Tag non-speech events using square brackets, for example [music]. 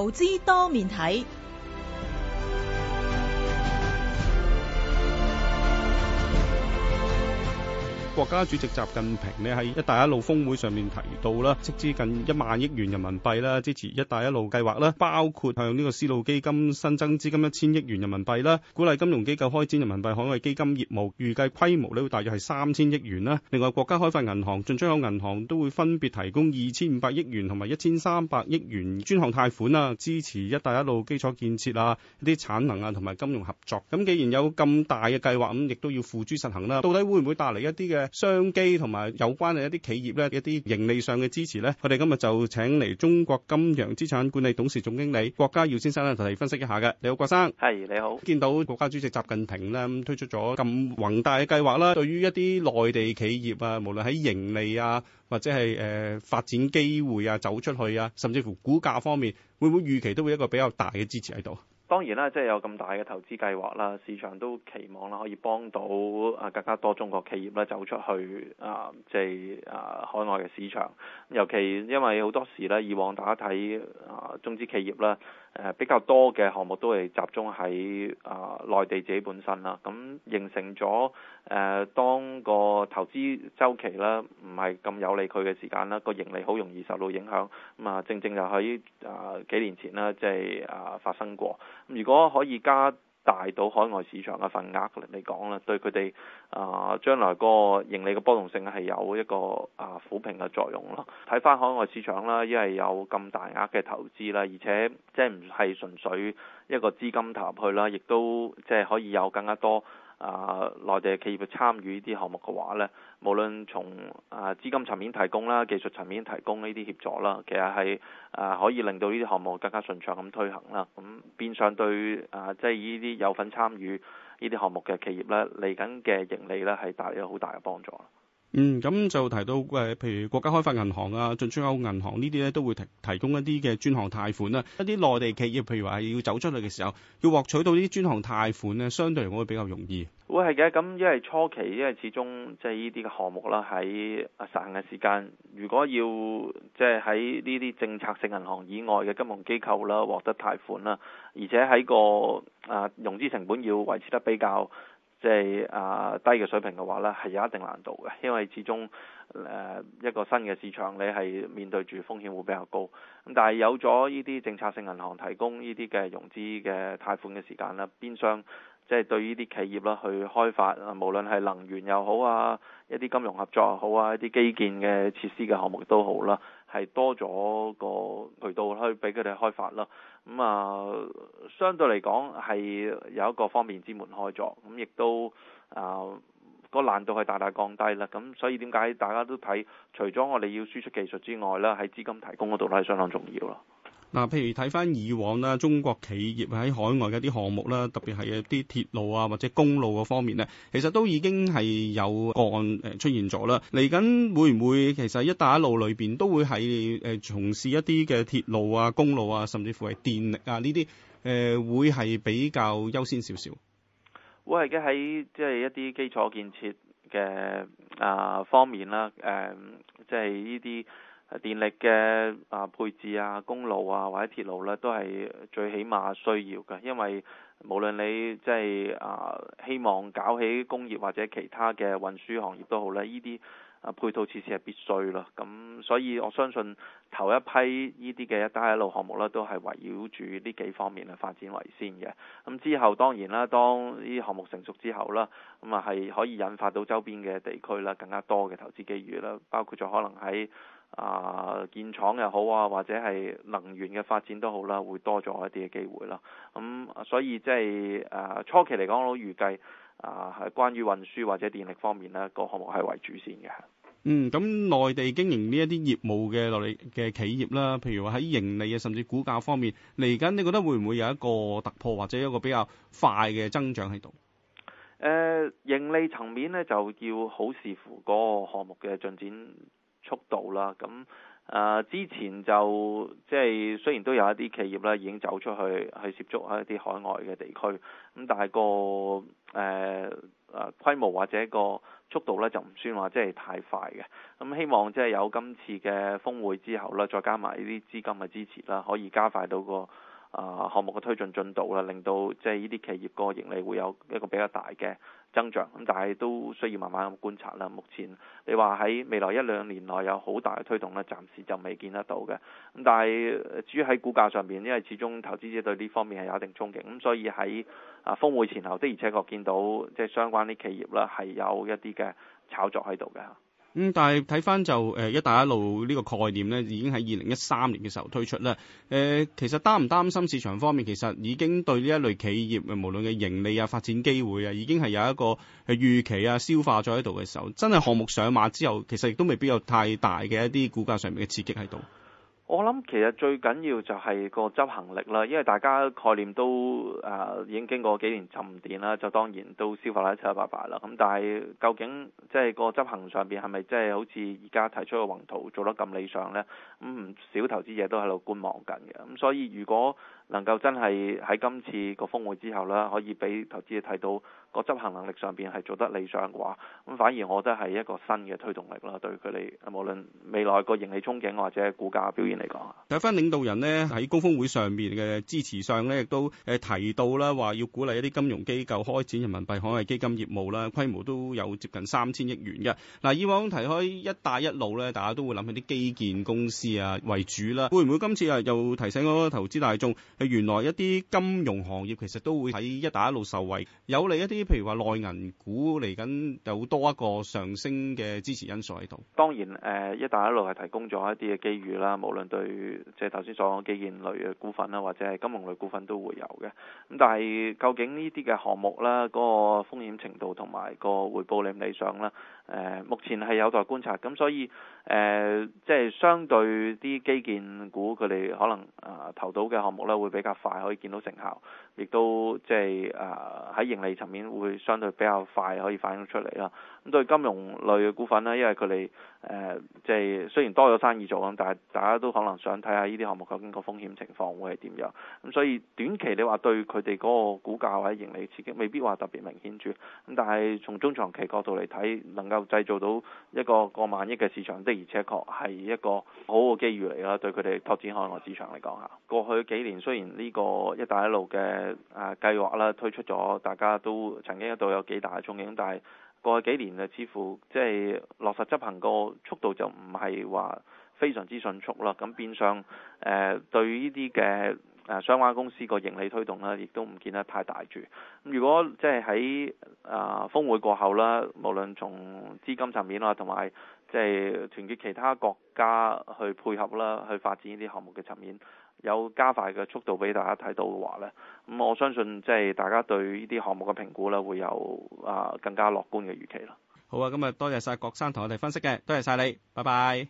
投資多面睇。 [noise] 國家主席習近平呢喺一帶一路峰會上面提到啦，斥資近一萬億元人民幣啦，支持一帶一路計劃啦，包括向呢個絲路基金新增資金一千億元人民幣啦，鼓勵金融機構開展人民幣海外基金業務，預計規模呢會大約係三千億元啦。另外，國家開發銀行、進出口銀行都會分別提供二千五百億元同埋一千三百億元專項貸款啊，支持一帶一路基礎建設啊、啲產能啊同埋金融合作。咁既然有咁大嘅計劃，咁亦都要付諸實行啦。到底會唔會帶嚟一啲嘅商機同埋有關嘅一啲企業呢，一啲盈利上嘅支持呢，我哋今日就請嚟中國金洋資產管理董事總經理郭家耀先生呢，同你分析一下嘅。你好，郭生，係你好。見到國家主席習近平呢，推出咗咁宏大嘅計劃啦，對於一啲內地企業啊，無論喺盈利啊，或者係誒、呃、發展機會啊，走出去啊，甚至乎股價方面，會唔會預期都會一個比較大嘅支持喺度？當然啦，即係有咁大嘅投資計劃啦，市場都期望啦，可以幫到啊更加多中國企業啦走出去啊、呃，即係啊、呃、海外嘅市場，尤其因為好多時咧，以往大家睇啊、呃、中資企業啦。誒，比較多嘅項目都係集中喺啊內地自己本身啦，咁、嗯、形成咗誒、呃、當個投資周期啦，唔係咁有利佢嘅時間啦，個盈利好容易受到影響咁，啊正正就喺誒、呃、幾年前啦，即係啊發生過、嗯。如果可以加。大到海外市場嘅份額嚟講，啦，對佢哋啊將來嗰個盈利嘅波動性係有一個啊撫平嘅作用咯。睇翻海外市場啦，因為有咁大額嘅投資啦，而且即係唔係純粹一個資金投入去啦，亦都即係可以有更加多。啊，內地企業去參與呢啲項目嘅話呢，無論從啊資金層面提供啦、技術層面提供呢啲協助啦，其實係啊可以令到呢啲項目更加順暢咁推行啦。咁、嗯、變相對啊，即係呢啲有份參與呢啲項目嘅企業呢，嚟緊嘅盈利呢係帶嚟好大嘅幫助。嗯，咁就提到誒，譬如國家開發銀行啊、進出口銀行呢啲咧，都會提提供一啲嘅專項貸款啦、啊。一啲內地企業，譬如話要走出去嘅時候，要獲取到呢啲專項貸款咧，相對嚟講會比較容易。會係嘅，咁因為初期，因為始終即係呢啲嘅項目啦，喺實行嘅時間，如果要即係喺呢啲政策性銀行以外嘅金融機構啦，獲得貸款啦，而且喺個啊融資成本要維持得比較即係啊，低嘅水平嘅話呢係有一定難度嘅，因為始終誒一個新嘅市場，你係面對住風險會比較高。咁但係有咗呢啲政策性銀行提供呢啲嘅融資嘅貸款嘅時間啦，邊商即係對呢啲企業啦去開發，無論係能源又好啊，一啲金融合作又好啊，一啲基建嘅設施嘅項目都好啦。係多咗個渠道去俾佢哋開發啦，咁、嗯、啊，相對嚟講係有一個方便之門開咗，咁、嗯、亦都啊、個難度係大大降低啦，咁所以點解大家都睇？除咗我哋要輸出技術之外啦，喺資金提供嗰度咧係相當重要咯。嗱，譬如睇翻以往啦，中國企業喺海外嘅一啲項目啦，特別係一啲鐵路啊或者公路嘅方面咧，其實都已經係有個案誒出現咗啦。嚟緊會唔會其實一帶一路裏邊都會係誒從事一啲嘅鐵路啊、公路啊，甚至乎係電力啊呢啲誒會係比較優先少少？會而家喺即係一啲基礎建設嘅啊方面啦，誒即係呢啲。就是係電力嘅啊配置啊、公路啊或者鐵路呢、啊，都係最起碼需要嘅。因為無論你即、就、係、是、啊希望搞起工業或者其他嘅運輸行業都好啦，呢啲啊配套設施係必須啦。咁所以我相信頭一批呢啲嘅一帶一路項目呢，都係圍繞住呢幾方面去發展為先嘅。咁之後當然啦，當呢項目成熟之後啦，咁啊係可以引發到周邊嘅地區啦，更加多嘅投資機遇啦，包括咗可能喺。啊，建廠又好啊，或者係能源嘅發展都好啦、啊，會多咗一啲嘅機會啦。咁、嗯、所以即係誒初期嚟講，我預計啊係關於運輸或者電力方面呢、個項目係為主線嘅。嗯，咁內地經營呢一啲業務嘅內嘅企業啦，譬如話喺盈利啊，甚至股價方面，嚟緊你覺得會唔會有一個突破，或者一個比較快嘅增長喺度？誒、呃，盈利層面咧，就要好視乎嗰個項目嘅進展。速度啦，咁啊、呃、之前就即係雖然都有一啲企業啦已經走出去去涉足喺一啲海外嘅地區，咁但係個誒誒、呃啊、規模或者個速度咧就唔算話即係太快嘅，咁希望即係有今次嘅峰會之後啦，再加埋呢啲資金嘅支持啦，可以加快到個。啊，項目嘅推進進度啦，令到即係呢啲企業個盈利會有一個比較大嘅增長。咁但係都需要慢慢咁觀察啦。目前你話喺未來一兩年內有好大嘅推動咧，暫時就未見得到嘅。咁但係至於喺股價上邊，因為始終投資者對呢方面係有一定憧憬，咁所以喺啊，峰會前後的而且確見到即係相關啲企業啦，係有一啲嘅炒作喺度嘅。咁、嗯、但係睇翻就誒、呃，一帶一路呢個概念咧，已經喺二零一三年嘅時候推出啦。誒、呃，其實擔唔擔心市場方面，其實已經對呢一類企業，無論嘅盈利啊、發展機會啊，已經係有一個係預期啊、消化咗喺度嘅時候，真係項目上馬之後，其實亦都未必有太大嘅一啲股價上面嘅刺激喺度。我諗其實最緊要就係個執行力啦，因為大家概念都啊、呃、已經經過幾年沉澱啦，就當然都消化得七七八八啦。咁但係究竟即係個執行上邊係咪真係好似而家提出個宏圖做得咁理想呢？咁、嗯、唔少投資者都喺度觀望緊嘅。咁、嗯、所以如果，能夠真係喺今次個峰會之後啦，可以俾投資者睇到個執行能力上邊係做得理想嘅話，咁反而我覺得係一個新嘅推動力啦，對佢哋無論未來個盈利憧憬或者股價表現嚟講。第一番領導人呢，喺高峰會上面嘅支持上呢，亦都誒提到啦，話要鼓勵一啲金融機構開展人民幣海外基金業務啦，規模都有接近三千億元嘅。嗱，以往提開一帶一路呢，大家都會諗起啲基建公司啊為主啦，會唔會今次啊又提醒咗投資大眾？原來一啲金融行業其實都會喺一帶一路受惠，有利一啲譬如話內銀股嚟緊有多一個上升嘅支持因素喺度。當然誒、呃，一帶一路係提供咗一啲嘅機遇啦，無論對即係頭先所講基建類嘅股份啦，或者係金融類股份都會有嘅。咁但係究竟呢啲嘅項目啦，嗰、那個風險程度同埋個回報理唔理想啦？誒、呃，目前係有待觀察。咁所以。誒、呃，即係相對啲基建股，佢哋可能誒、呃、投到嘅項目咧，會比較快可以見到成效，亦都即係誒喺盈利層面會相對比較快可以反映出嚟啦。咁對金融類嘅股份咧，因為佢哋誒、呃，即係雖然多咗生意做啦，但係大家都可能想睇下呢啲項目究竟個風險情況會係點樣。咁、嗯、所以短期你話對佢哋嗰個股價或者盈利刺激，未必話特別明顯住。咁但係從中長期角度嚟睇，能夠製造到一個過萬億嘅市場，的而且確係一個好嘅機遇嚟啦。對佢哋拓展海外市場嚟講嚇，過去幾年雖然呢個一帶一路嘅誒、啊、計劃啦推出咗，大家都曾經一度有幾大嘅憧憬，但係，過去幾年啊，似乎即係落實執行個速度就唔係話非常之迅速啦，咁變相誒、呃、對呢啲嘅誒相關公司個盈利推動呢，亦都唔見得太大住。如果即係喺啊峯會過後啦，無論從資金層面啊，同埋即係團結其他國家去配合啦，去發展呢啲項目嘅層面，有加快嘅速度俾大家睇到嘅話咧，咁我相信即係大家對呢啲項目嘅評估咧，會有啊更加樂觀嘅預期啦。好啊，今日多謝晒郭生同我哋分析嘅，多謝晒你，拜拜。